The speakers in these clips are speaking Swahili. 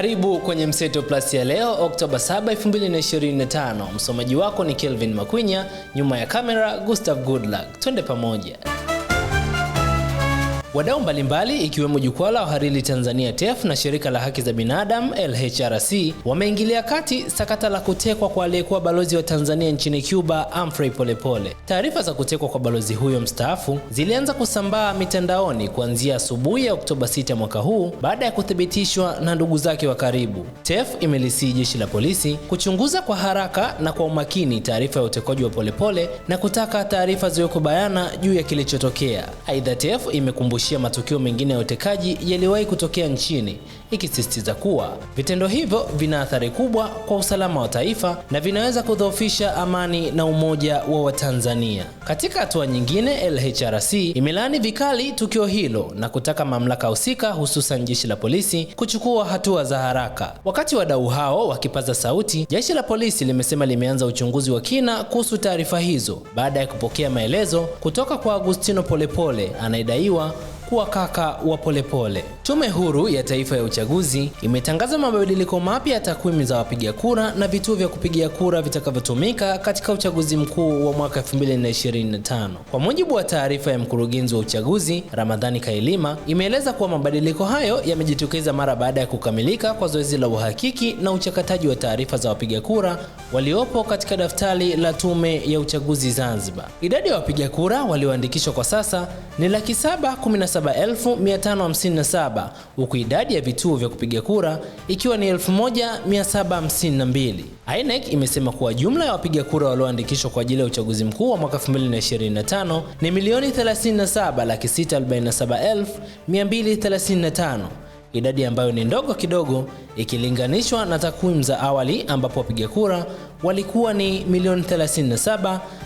Karibu kwenye Mseto Plus ya leo Oktoba 7, 2025. Msomaji wako ni Kelvin Makwinya, nyuma ya kamera Gustav Goodluck. Twende pamoja. Wadau mbalimbali ikiwemo jukwaa la wahariri Tanzania TEF na shirika la haki za binadamu LHRC wameingilia kati sakata la kutekwa kwa aliyekuwa balozi wa Tanzania nchini Cuba Humphrey Polepole. Taarifa za kutekwa kwa balozi huyo mstaafu zilianza kusambaa mitandaoni kuanzia asubuhi ya Oktoba 6 mwaka huu baada ya kuthibitishwa na ndugu zake wa karibu. TEF imelisii jeshi la polisi kuchunguza kwa haraka na kwa umakini taarifa ya utekwaji wa Polepole na kutaka taarifa ziwekwe bayana juu ya kilichotokea. Aidha, TEF imekumbusha kuepushia matukio mengine ya utekaji yaliyowahi kutokea nchini ikisisitiza kuwa vitendo hivyo vina athari kubwa kwa usalama wa taifa na vinaweza kudhoofisha amani na umoja wa Watanzania. Katika hatua nyingine, LHRC imelaani vikali tukio hilo na kutaka mamlaka husika hususan jeshi la polisi kuchukua hatua za haraka. Wakati wadau hao wakipaza sauti, jeshi la polisi limesema limeanza uchunguzi wa kina kuhusu taarifa hizo baada ya kupokea maelezo kutoka kwa Agustino Polepole anayedaiwa kuwa kaka wa Polepole. Tume Huru ya Taifa ya Uchaguzi imetangaza mabadiliko mapya ya takwimu za wapiga kura na vituo vya kupigia kura vitakavyotumika katika uchaguzi mkuu wa mwaka 2025. Kwa mujibu wa taarifa ya mkurugenzi wa uchaguzi Ramadhani Kailima, imeeleza kuwa mabadiliko hayo yamejitokeza mara baada ya kukamilika kwa zoezi la uhakiki na uchakataji wa taarifa za wapiga kura waliopo katika daftari la Tume ya Uchaguzi Zanzibar. Idadi ya wapiga kura walioandikishwa kwa sasa ni laki saba kumi na saba 7557 huku idadi ya vituo vya kupiga kura ikiwa ni 1752. INEC imesema kuwa jumla ya wapiga kura walioandikishwa kwa ajili ya uchaguzi mkuu wa mwaka 2025 ni milioni 37,647,235 idadi ambayo ni ndogo kidogo ikilinganishwa na takwimu za awali ambapo wapiga kura walikuwa ni milioni 37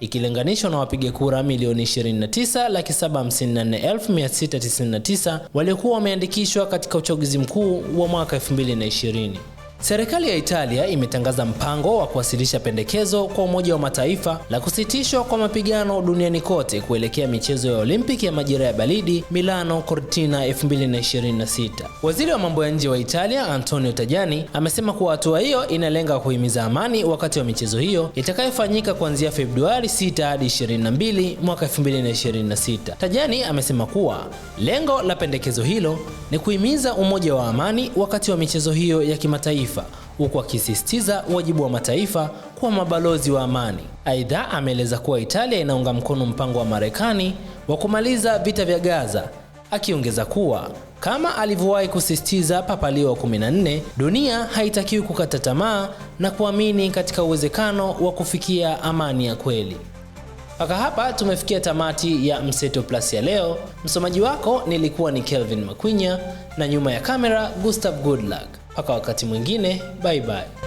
ikilinganishwa na wapiga kura milioni 29,754,699 waliokuwa wameandikishwa katika uchaguzi mkuu wa mwaka 2020. Serikali ya Italia imetangaza mpango wa kuwasilisha pendekezo kwa Umoja wa Mataifa la kusitishwa kwa mapigano duniani kote kuelekea michezo ya Olimpiki ya majira ya baridi Milano Cortina 2026. Waziri wa mambo ya nje wa Italia, Antonio Tajani, amesema kuwa hatua hiyo inalenga kuhimiza amani wakati wa michezo hiyo itakayofanyika kuanzia Februari 6 hadi 22 mwaka 2026. Tajani amesema kuwa lengo la pendekezo hilo ni kuhimiza umoja wa amani wakati wa michezo hiyo ya kimataifa mataifa huku akisisitiza wajibu wa mataifa kuwa mabalozi wa amani. Aidha, ameeleza kuwa Italia inaunga mkono mpango wa Marekani wa kumaliza vita vya Gaza, akiongeza kuwa kama alivyowahi kusisitiza Papa Leo wa 14, dunia haitakiwi kukata tamaa na kuamini katika uwezekano wa kufikia amani ya kweli. Mpaka hapa tumefikia tamati ya Mseto Plus ya leo. Msomaji wako nilikuwa ni Kelvin Makwinya na nyuma ya kamera Gustav Goodluck. Mpaka wakati mwingine, bye bye.